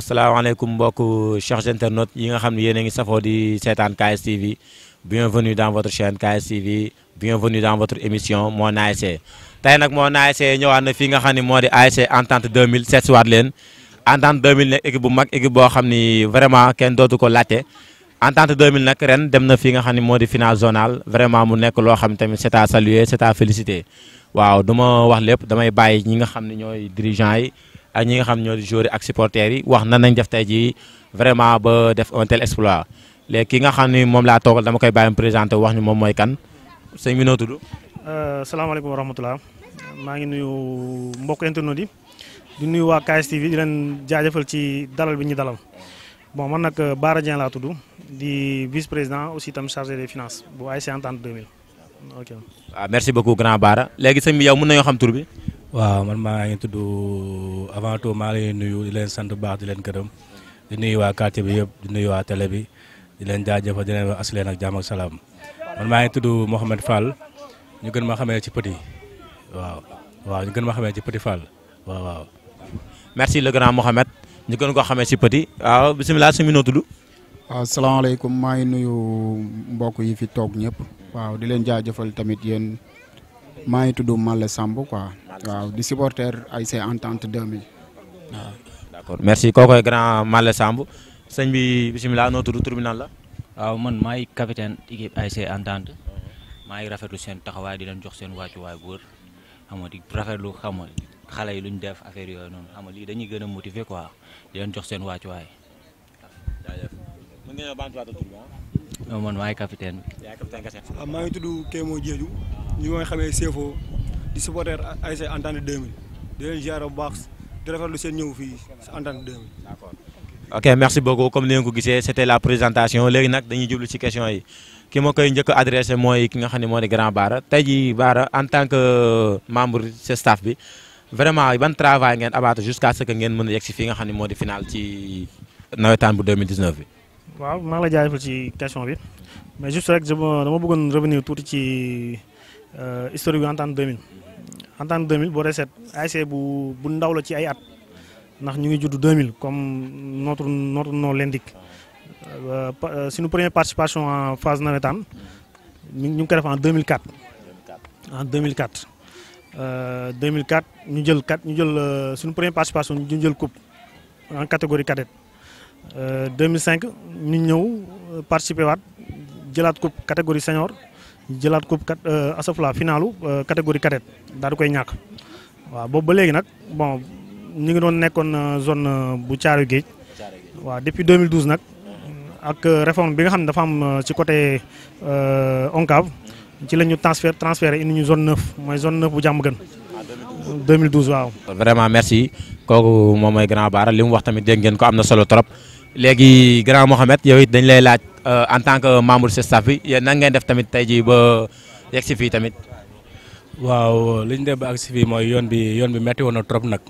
waaw salaamaaleykum mbokk chers internautes yi nga xam ne yéen a ngi safoo di seetaan KSTV bienvenue dans votre chaîne KSTV bienvenue dans votre émission Mon ASC tey nag Mon ASC ñëwaat na fii nga xam ne moo di ASC Entente 2000 seet si waat leen Entente 2000 nag équipe bu mag équipe boo xam ni vraiment ken dootu ko laajte Entente 2000 nag ren dem na fii nga xam ne moo di finale zonale vraiment mu nekk loo xam tamit c'est à saluer c'est à féliciter waaw du ma wax lépp damay bàyyi ñi nga xam ne ñooy dirigeants yi. ak ñi nga xam ñoo di joueurs yi ak supporters yi wax nan nañ def tey jii vraiment ba def ontel tel exploit léegi nga xam ni moom laa toogal dama koy bàyyi présenté wax ñu moom mooy kan sëñ bi noo tudd. Euh, salaamaaleykum wa rahmatulah maa ngi nuyu mbokk internautes yi di nuyu waa KSTV di leen jaajëfal ci dalal bi ñu dalal bon man nag euh, Bara Dieng laa tudd di vice président aussi tam chargé des finances bu ASC Entente 2000 ok. waaw ah, merci beaucoup grand Bara léegi sëñ bi yow mun nañoo xam tur bi. waaw man maa ngi tudd avant tout maa ngi nuyu di leen sant baax di leen gërëm di nuyu waa quartier bi yëpp di nuyu waa télé bi di leen jaajëfal di leen wax as leen ak jàmm salaam man maa ngi tudd Mouhamed Fall ñu gën ma xamee ci Petit waaw waaw ñu gën ma xamee ci Petit Fall waaw le grand Mouhamed ñu gën koo xamee si Petit waaw bisimilah su ma noo tudd. waaw salaamaaleykum maa ngi nuyu mbokk yi fi toog ñëpp waaw di leen jaajëfal tamit yéen. maa ngi tudd Malle Samb quoi waaw di supporter ASC Entente 2000 waaw. d'accord merci kookoy grand Malle Samb sëñ bi bisimilah noo tudd tribunal la. waaw man maay capitaine ay ASC Entente maa ngi rafetlu seen taxawaay di leen jox seen wàccuwaay bu wër xam nga di rafetlu xam nga xale yi lu def affaire yooyu noonu xam nga lii dañuy gën a motiver quoi di jox seen wàccuwaay. mën ah? man maay capitaine bi. Ah, maa ngi tudd Kémo ñu ngi xamee CFO di supporter ASC Entente 2000 di leen ziar bu baax di rafetlu seen ñëw fii si Entente 2000. d'accord ok merci beaucoup comme ni ko gisee c'était la présentation léegi nag dañuy jublu ci question yi ki ma koy njëkk adressé mooy ki nga xam ne moo di grand Bara tey jii Bara en tant que euh, membre ce staff bi vraiment ban travail ngeen abattre jusqu'à ce que ngeen mën a yegg si fii nga xam ne moo di final ci nawetaan bu 2019 bi. waaw maa ngi la jaajëfal ci question bi mais juste rek dama bëggoon revenir tuuti ci. Euh, historique bi en tant que 2000 tant que 2000 boo dee seet ASC bu bu ndaw la ci ay at ndax ñu ngi judd 2000 comme notre notre nom l'indique euh, euh, suñu première participation en phase navétane ñu ngi ko def en 2004. en 2004 2004 ñu jël kat ñu jël suñu première participation ñu jël coupe en catégorie cadette 2005 ñu ñëw participer waat jëlaat coupe catégorie senior. jëlaat coupe kat euh, asafla finalu euh, catégorie cadette daal di koy ñàkk waaw boobu ba léegi nag bon ñu ngi doon nekkoon euh, zone bu Caaru Géej waaw depuis 2012 nag ak réforme bi nga xam ne dafa am ci côté ONCAV ci la ñu transfert transféré indi ñu zone 9 mooy zone 9 bu jàmm gën 2012 waaw. vraiment merci kooku moom mooy grand Bara li mu wax tamit dégg ngeen ko am na solo trop léegi grand Mohamed yow it dañ lay laaj. Euh, en tant que membre ci staff bi yéen nan def tamit tey jii ba yegg si fii tamit. waaw li ñu ba ak si fii mooy yoon bi yoon bi metti woon na trop nag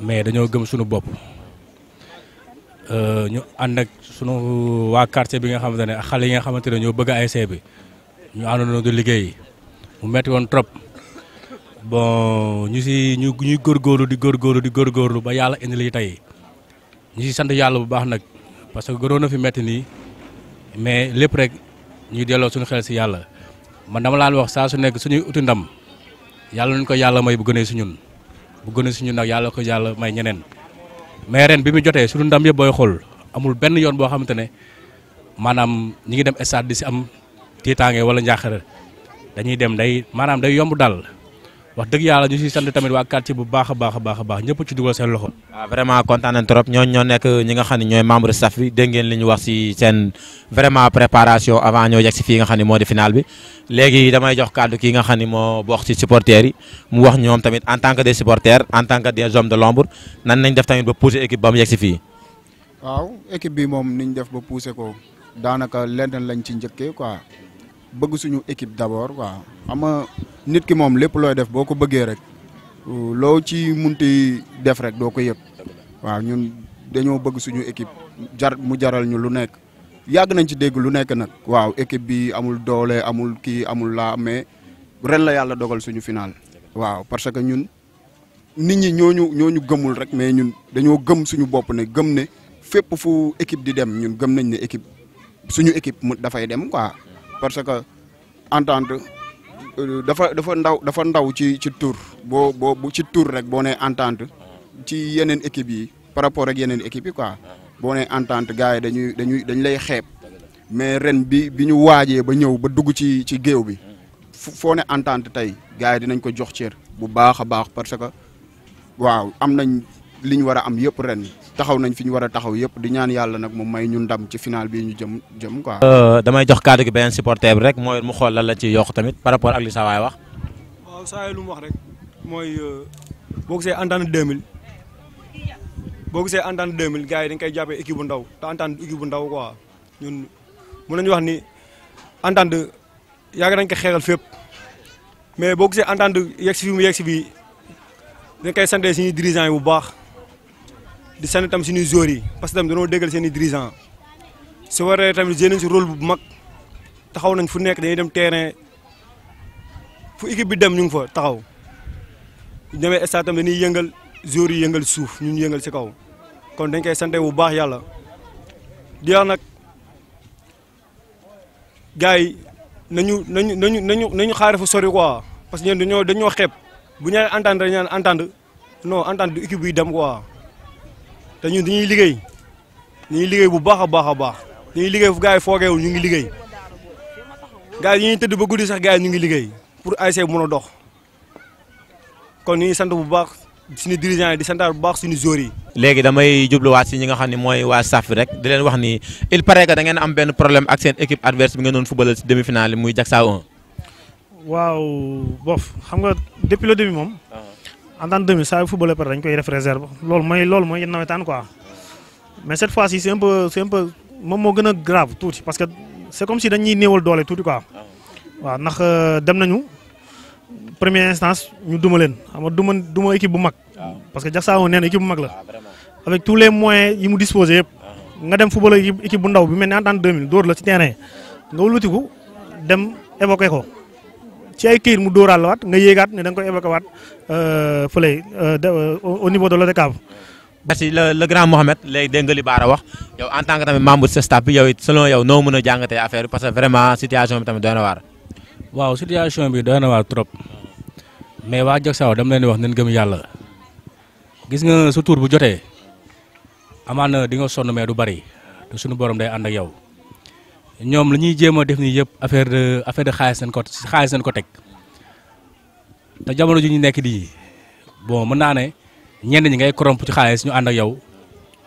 mais dañoo gëm sunu bopp euh, ñu ànd ak sunu waa quartier bi nga xamante ne xale yi nga xamante ne ñoo bëgg ASC bi ñu àndandoo du liggéey mu metti woon trop bon ñu si ñu ñuy góorgóorlu di góor góorgóorlu di góor góorgóorlu ba yàlla indi lii tey ñu si sant yàlla bu baax nag. parce que gënoon na fi metti nii mais lépp rek ñuy delloo suñu xel si yàlla man dama laan wax saa su nekk suñuy uti ndam yàlla nañu ko yàlla may bu gënee si ñun bu gënee si ñun ak yàlla ko yàlla may ñeneen mais ren bi mu jotee suñu ndam yëpp booy xool amul benn yoon boo xamante ne maanaam ñi ngi dem stade di si am tiitaange wala njaaxare dañuy dem day maanaam day yomb daal. wax dëgg yàlla ñu siy sant tamit waa quartier bu baax a baax a baax a baax ñëpp ci dugal seen loxo. waaw ah, vraiment kontaan nañ trop ñooñu ñoo nekk ñi nga xam ne ñooy membre staff bi dégg ngeen li ñu wax si seen vraiment préparation avant ñoo yegg si fii nga xam ne moo di final bi léegi damay jox kàddu ki nga xam ne moo bokk ci supporters yi mu wax ñoom tamit en tant que des supporters en tant que des hommes de l'ombre nan nañ def tamit ba pousser équipe ba mu yegg si fii. équipe bi moom niñ def ba pousser ko daanaka lenn lañ ci njëkkee quoi bëgg suñu équipe d'abord waaw xam nga nit ki moom lépp looy def boo ko bëggee rek loo ci munti def rek doo ko yëg waaw ñun dañoo bëgg suñu équipe jar mu jaral ñu lu nekk yàgg nañ ci dégg lu nekk nag waaw équipe bi amul doole amul kii amul laa mais ren la yàlla dogal suñu finaal waaw parce que ñun nit ñi ñooñu ñooñu gëmul rek mais ñun dañoo gëm suñu bopp ne gëm ne fépp fu équipe di dem ñun gëm nañ ne équipe suñu équipe mu dafay dem quoi parce que entente euh, dafa dafa ndaw dafa ndaw ci ci tour boo boo ci tour rek boo nee entente ci yeneen équipe yi par rapport ak yeneen équipe yi quoi boo nee entente gars yi dañuy dañuy dañ lay xeeb mais ren bi bi ñu waajee ba ñëw ba dugg ci ci géew bi foo ne entente tey gars yi dinañ ko jox cër bu baax a baax parce que waaw am nañ li ñu war a am yëpp ren taxaw nañ fi ñu war a taxaw yëpp di ñaan yàlla nag moom may ñu ndam ci final bi ñu jëm jëm quoi. Euh, damay jox kàddu gi beneen supporter bi rek mooy mu xool lan la ci yokk tamit par rapport ak li saa waay wax. waaw saa lu mu wax rek mooy euh, boo gisee entente 2000 boo gisee entente 2000 gars yi dañ koy jàppee équipe bu ndaw te entente équipe bu ndaw quoi ñun mun nañu wax ni entente yàgg dañ ko xeexal fépp mais boo gisee entente yegg si fi mu yegg si bi dañ koy sant suñuy dirigeants yi di sant tam suñuy joueurs yi parce que tamit dañoo déggal seen i dirigeants su waree tamit jëlee nañ si rôle bu mag taxaw nañ fu nekk dañuy dem terrain fu équipe bi dem ñu ngi fa taxaw ñu demee stade tam dañuy yëngal joueurs yi yëngal suuf ñu yëngal si kaw kon dañ koy sante bu baax yàlla di wax nag gars yi nañu nañu nañu nañu nañu xaare fu sori quoi parce que ñun dañoo dañoo xeeb bu ñu entendre dañu naan entendre non entendre du équipe bi dem quoi. te ñun dañuy liggéey ñu liggéey bu baax a baax a baax dañuy liggéey fu yi foogeewul ñu ngi liggéey gars yi ñuy tëdd ba guddi sax gars yi ñu ngi liggéey pour ASC mun a dox kon ñu ngi sant bu baax suñu dirigeant yi di santaar bu baax suñu joueurs yi. léegi damay jubluwaat si ñi nga xam ne mooy waa SAF rek di leen wax ni il paraît que da ngeen am benn problème ak seen équipe adverse bi ngeen doon footballal si demi-finale muy Diacksao 1. waaw bof xam nga depuis moom. Ah. en tant que demi saa yu football par dañ koy def réserve loolu mooy loolu mooy nawetaan quoi mais cette fois ci c' est un peu moom moo gën a grave tuuti parce que c' est comme si dañuy néewal doole tuuti quoi waaw ndax euh, dem nañu première instance ñu duma leen xam nga duma duma équipe bu mag. parce que Diacksao nee na équipe bu mag la. avec tous les moyens yi mu disposé yëpp. nga dem football équipe bu ndaw bi mel ni en tant que 2000 la ci terrain nga wulutiku dem évoqué ci ay këyit mu dóoraal la waat nga yéegaat ne danga koy koy évoqué waat euh, fële euh, euh, au niveau de l'ODCAV. merci le le grand Mohamed léegi dégg nga li Baara wax yow en tant que tamit membre de staff bi yow it selon noo mën a jàngatee affaire bi parce que vraiment situation bi tamit doy na waar. waaw situation bi doy na waar trop mais waa Jaksaaw dama leen wax nañ gëm yàlla gis nga su tuur bu jotee amaana di nga sonn mais du bari te suñu borom day ànd ak yow. ñoom la ñuy jéem a def nii yëpp affaire de affaire de xaalis seen ko xaalis seen ko teg te jamono ju ñu nekk di boo mën naa ne ñenn ñi ngay corrompe ci xaalis ñu ànd ak yow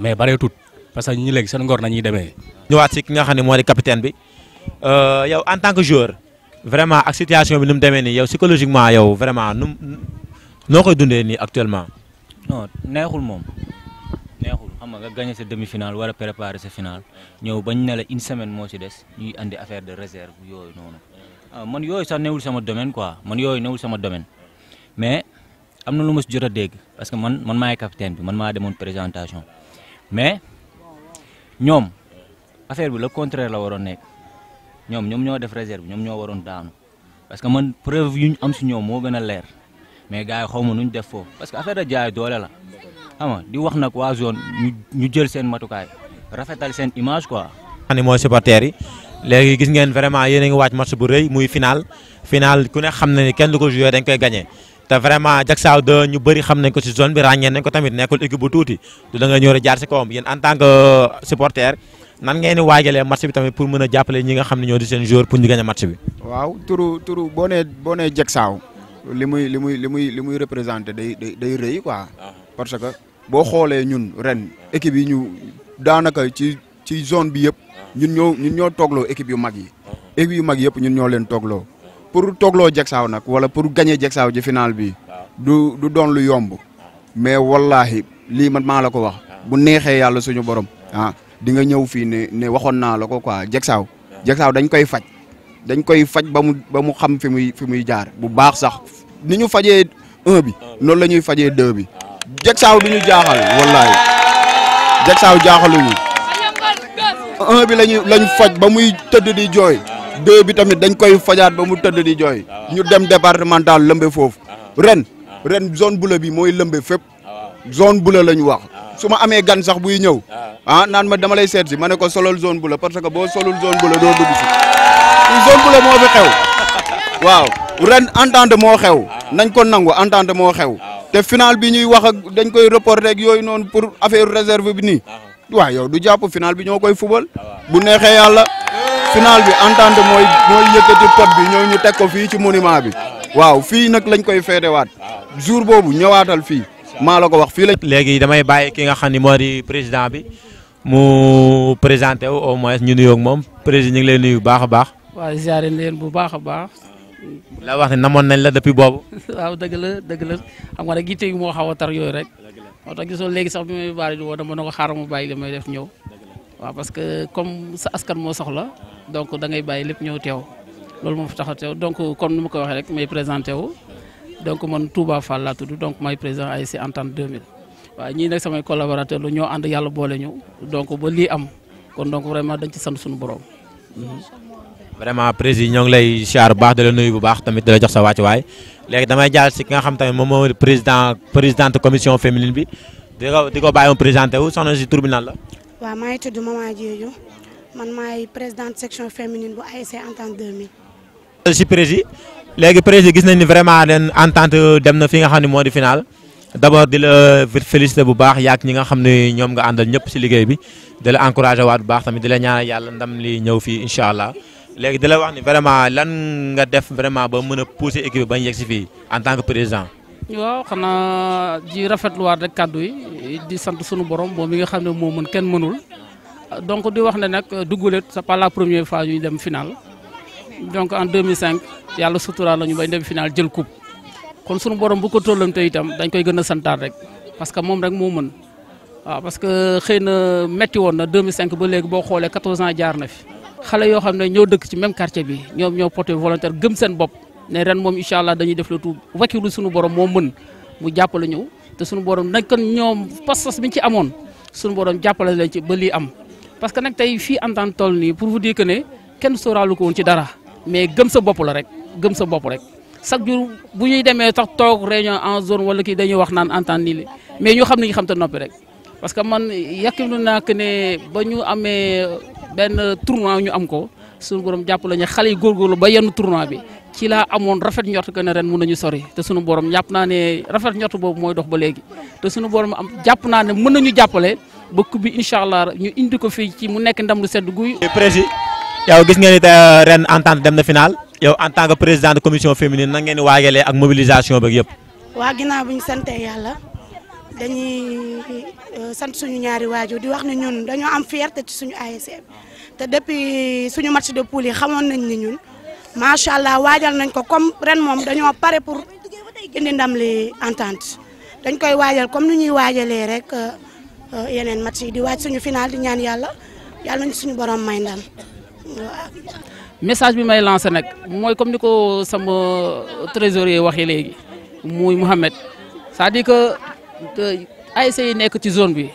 mais bareetut parce que ñu léegi seen ngor na nañuy demee. ñëwaat si ki nga xam ne moo di capitaine bi euh, yow en tant que joueur vraiment ak bi nu mu demee nii yow psychologiquement yow vraiment nu noo koy dundee nii actuellement. non neexul moom neexul xam nga nga gagné sa demi finale war a préparer sa finale bañ ne la une semaine moo si des ñuy andi affaire de réserve yooyu noonu ah, man yooyu sax newul sama domaine quoi man yooyu newul sama domaine mais am na lu ma si jot a dégg parce que man man maay capitaine bi man maa demoon présentation mais ñoom affaire bi la contraire la waroon nekk ñoom ñoom ñoo def réserve ñoom ñoo waroon daanu parce que man preuve yu ñu am si ñoom moo gën a leer mais gars xaw ma nu def foofu parce que affaire la. xam nga di wax nag waa zone ñu jël seen matukaay rafetal seen image quoi. xam ne mooy supporters yi léegi gis ngeen vraiment yéen a ngi waaj match bu rëy muy final final ku ne xam na ni kenn du ko joué dañ koy gagné. te vraiment Jaksaaw de ñu bëri xam nañ ko ci zone bi nañ ko tamit nekkul équipe bu tuuti du da nga ñëw jaar ci kawam yéen en tant que euh, supporter nan ngeen di waajalee match bi tamit pour mën a jàppale ñi nga xam ne ñoo di seen joueur pour ñu gagné match bi. waaw turu turu boo nee boo nee Jaksaaw li muy li muy li muy li muy représenté day day rëy quoi. Ah. boo xoolee ñun ren équipe yi ñu daanaka ci ci zone bi yëpp ñun ñoo ñun ñoo toogloo équipe yu mag yi équipe yu mag yëpp ñun ñoo leen toogloo pour toogloo Jaksaaw nag wala pour gañee Jaksaaw ci final bi du du doon lu yomb mais wallahi lii man maa la ko wax bu neexee yàlla suñu borom ah di nga ñëw fii ne ne waxoon naa la ko quoi Jaksaaw Jaksaaw dañ koy faj dañ koy faj ba mu ba xam fi muy fi muy jaar bu baax sax ni ñu fajee un bi noonu la ñuy fajee deux bi jeg saaw du ñu jaaxal wallaay jeg saaw jaaxaluñu un bi lañu lañ faj ba muy tëdd di jooy deux bi tamit dañ koy fajaat ba mu tëdd di jooy ñu dem départemental lëmbe foofu ren ren zone bula bi mooy lëmbe fépp zone bula la ñu wax su ma amee gan sax buy ñëw ah naan ma dama lay seet ma ne ko solol zone bula parce que boo solul zone bula doo dugg si zone bula moo fi xew waaw ren entente moo xew nañ ko nangu entente moo xew te final bi ñuy wax ak dañ koy reporter ak yooyu noonu pour affaire réserve bi nii ah ah. waaw yow du jàpp final bi ñoo koy fubal ah bu neexee yàlla final bi entente mooy mooy yëkkati pot bi ñoo ñu teg ko fii ci monument bi waaw fii nag lañ koy feetewaat jour boobu ñëwaatal fii maa la ko wax fii la. léegi damay bàyyi ki nga xam ni moo di président bi mu présenté wu au moins ñu nuyoog moom président ñu ngi lay nuyu bu baax a baax. leen bu baax a baax la wax ne namoon nañ la depuis boobu. waaw dëgg la dëgg la xam nga rek yitte yi moo xaw a tar yooyu rek. moo tax gisoo léegi sax bi may baari di woo dama na ko xaaral ma bàyyi li may def ñëw. waaw parce que comme sa askan moo soxla donc da bàyyi lépp ñëw teew loolu moo fi tax a teew donc comme nu ma ko waxee rek may présenté wu. donc man Touba Fall laa tudd donc may président entente Entente 2000 waaw ñii nag samay collaborateur lu ñoo ànd yàlla boole ñu donc ba lii am kon donc vraiment dañ ci sant suñu borom. vraiment président ñoo ngi lay siyaar bu baax di la nuyu bu baax tamit di la jox sa wàccuwaay léegi damay jaal si ki nga xam moom moo président présidente commission féminine bi di ko di ko bàyyi woon présenté wu soxna si tur bi maa ngi tudd section féminine bu ASC Entente 2000. si prési léegi nañ ni vraiment leen entente dem na fi nga xam ne moo di final d' abord di la bu baax yaak ñi nga xam ne ñoom nga àndal ñëpp si liggéey bi di la encouragé waat bu baax tamit di la ñaanal yàlla ndam li ñëw fii incha allah. léegi di la wax ni vraiment lan nga def vraiment ba mën a pousser équipe bi bañ yegg si fii en tant que président. waaw xanaa di rafetluwaat rek kàddu yi di sant sunu borom moom mi nga xam ne moo mën kenn mënul donc di wax ne nag dugguleet sa pas la première fois ñuy dem finale donc en 2005 yàlla suturaal la ñu bañ dem finale jël coupe kon sunu borom bu ko tollamte itam dañ koy gën a santaat rek parce que moom rek moo mën waaw parce que xëy na métti woon na 2005 ba léegi boo xoolee 14 ans jaar na fi. xale yoo xam ne ñoo dëkk ci même quartier bi ñoom ñoo porté volontaire gëm seen bopp ne ren moom incha allah dañuy def le tout wakilu suñu borom moo mën mu jàppale ñëw te suñu borom nag kon ñoom pas-pas bi ci amoon suñu borom jàppale leen ci ba am. parce que nag tey fii Entente toll nii pour vous dire ne kenn sóoraalu ko woon ci dara mais gëm sa bopp la rek gëm sa bopp rek chaque jour bu ñuy demee sax toog réunion en zone wala kii dañuy wax naan Entente nii parce que man yàqinu naa que ne ba ñu amee benn tournoi ñu am ko sunu borom jàpp la ñu xale yi góorgóorlu ba yenn tournoi bi ci laa amoon rafet njort que ne ren mun nañu sori te suñu borom jàpp naa ne rafet njort boobu mooy dox ba léegi te suñu borom am jàpp naa ne mën nañu jàppale ba coupe bi incha allah ñu indi ko fii ci mu nekk ndam lu sedd guy. prési yow gis ngeen ni euh, ren entente dem na final yow en tant que président de commission féminine nan ngeen di waajalee ak yëpp. dañuy euh, sant suñu ñaari waajur di wax ni ñun dañoo am fierté ci suñu ASC te depuis suñu match de poule xamoon nañ ni ñun macha allah waajal nañ ko comme ren moom dañoo pare pour indi ndam li entente dañ koy waajal comme nu ñuy waajalee rek euh, yeneen match yi di waaj suñu final di ñaan yàlla yàlla nañ suñu borom may ndam message bi may lancé nag mooy comme ni ko sama trésorier waxee léegi muy Mouhamed cest à que. ASC yi nekk ci zone bi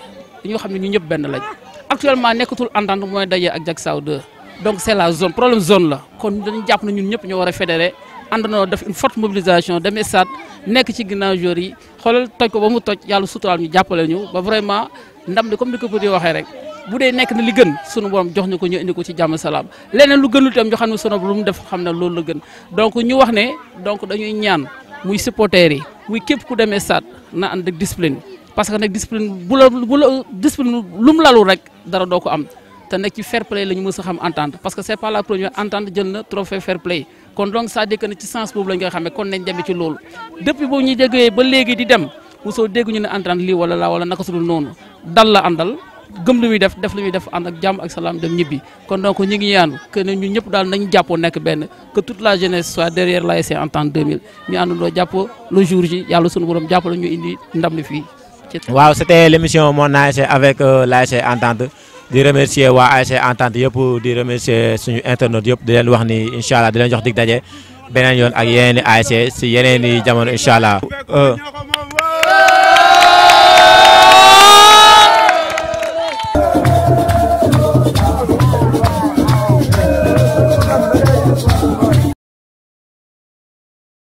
dañoo xam ne ñu ñëpp benn lañ actuellement nekkatul entente mooy daje ak Diacksao 2 donc c' est la zone problème zone la kon dañu jàpp ne ñun ñëpp ñoo war a fédéré àndandoo def une forte mobilisation dem nekk ci ginnaaw joueurs yi xoolal toj ko ba mu toj yàlla suturaal ñu jàppale ñu vraiment ndam li comme ni ko di waxee rek bu dee nekk na li gën sunu borom jox ñu ko ñu indi ko ci jàmm salaam leneen lu gënul tam ñu xam ne sunu lu mu def xam ne loolu la gën donc ñu wax ne donc dañuy ñaan muy supporters yi muy képp ku demee stade na ànd ak discipline parce que nag discipline bu la bu la discipline lu mu lalu rek dara doo ko am te nag ci fair play la ñu mës a xam entente parce que c'est pas la première entente jël na trophée fair play kon donc cest à ci sens boobu la ñu koy xamee kon nañ demee ci loolu depuis boobu ñuy déggee ba léegi di dem mosoo dégg ñu ne entente lii wala laa wala naka su dul noonu dal la àndal. gëm lu muy def def lu muy def ànd ak jàmm ak salaam dem ñibbi kon donc ñu ngi yaanu que ne ñu ñëpp daal nañu jàppoo nekk benn que toute la jeunesse soit derrière l'ASC en temps 2000 ñu àndandoo jàppoo le jour ji yàlla sunu borom jàppale ñu indi ndam li fii. waaw c'était l'émission mon ASC avec euh, l'ASC Entente di remercier waa ASC Entente yëpp di remercier suñu internautes yëpp di leen wax ni incha allah di leen jox dig daje beneen yoon ak yeneen i si yeneen i jamono incha allah. Euh,